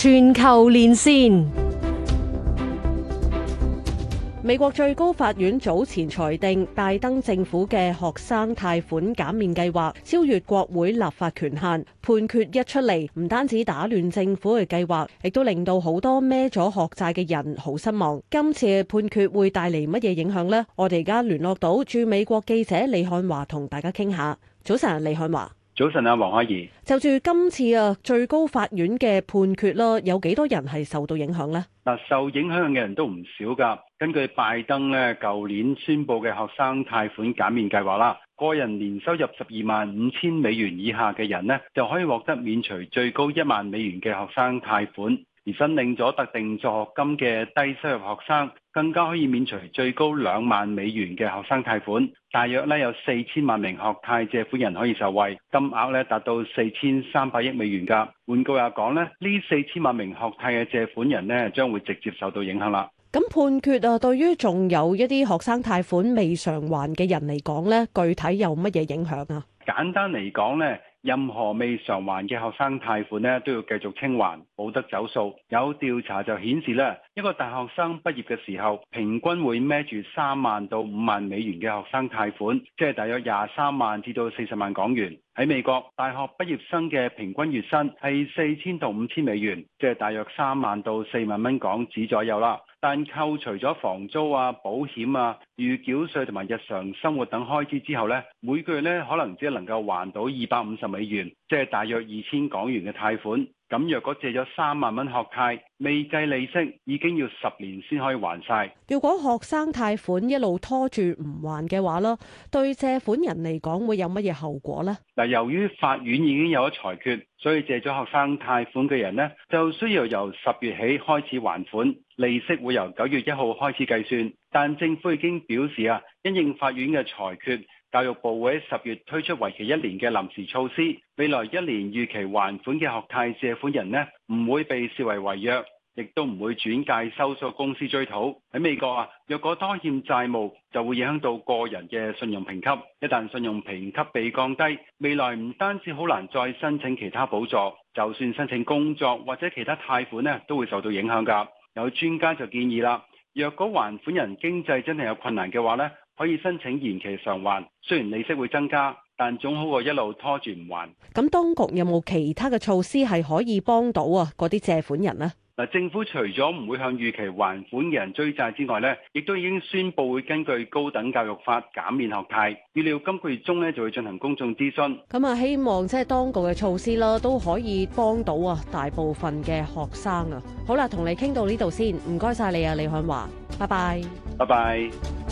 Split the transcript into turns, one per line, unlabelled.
全球連線，美國最高法院早前裁定拜登政府嘅學生貸款減免計劃超越國會立法權限。判決一出嚟，唔單止打亂政府嘅計劃，亦都令到好多孭咗學債嘅人好失望。今次嘅判決會帶嚟乜嘢影響呢？我哋而家聯絡到駐美國記者李漢華同大家傾下。早晨，李漢華。早
晨啊，黃凱宜。
就住今次啊，最高法院嘅判決啦，有幾多人係受到影響咧
嗱，受影響嘅人都唔少㗎，根據拜登咧，舊年宣布嘅學生貸款減免計劃啦，個人年收入十二萬五千美元以下嘅人咧，就可以獲得免除最高一萬美元嘅學生貸款。而申領咗特定助學金嘅低收入學生，更加可以免除最高兩萬美元嘅學生貸款。大約呢有四千萬名學貸借款人可以受惠，金額咧達到四千三百億美元㗎，換句話講咧，呢四千萬名學貸嘅借款人呢將會直接受到影響啦。
咁判決啊，對於仲有一啲學生貸款未償還嘅人嚟講呢，具體有乜嘢影響啊？
簡單嚟講呢。任何未償還嘅學生貸款咧都要繼續清還，冇得走數。有調查就顯示咧，一個大學生畢業嘅時候，平均會孭住三萬到五萬美元嘅學生貸款，即係大約廿三萬至到四十萬港元。喺美國，大學畢業生嘅平均月薪係四千到五千美元，即係大約三萬到四萬蚊港紙左右啦。但扣除咗房租啊、保險啊、預繳稅同埋日常生活等開支之後呢，每個月呢可能只能夠還到二百五十美元，即係大約二千港元嘅貸款。咁若果借咗三萬蚊學貸，未計利息，已經要十年先可以還晒。
如果學生貸款一路拖住唔還嘅話，咯，對借款人嚟講會有乜嘢後果呢？
嗱，由於法院已經有咗裁決，所以借咗學生貸款嘅人呢，就需要由十月起開始還款，利息會由九月一號開始計算。但政府已經表示啊，因應法院嘅裁決。教育部會喺十月推出為期一年嘅臨時措施，未來一年預期還款嘅學貸借款人呢，唔會被視為違約，亦都唔會轉介收數公司追討。喺美國啊，若果拖欠債務，就會影響到個人嘅信用評級。一旦信用評級被降低，未來唔單止好難再申請其他補助，就算申請工作或者其他貸款呢，都會受到影響噶。有專家就建議啦，若果還款人經濟真係有困難嘅話呢，」可以申請延期償還，雖然利息會增加，但總好過一路拖住唔還。
咁當局有冇其他嘅措施係可以幫到啊嗰啲借款人呢？
嗱，政府除咗唔會向逾期還款嘅人追債之外呢，亦都已經宣布會根據高等教育法減免學貸。預料今個月中呢就會進行公眾諮詢。
咁啊，希望即係當局嘅措施啦，都可以幫到啊大部分嘅學生啊。好啦，同你傾到呢度先，唔該晒你啊，李漢華，拜拜，
拜拜。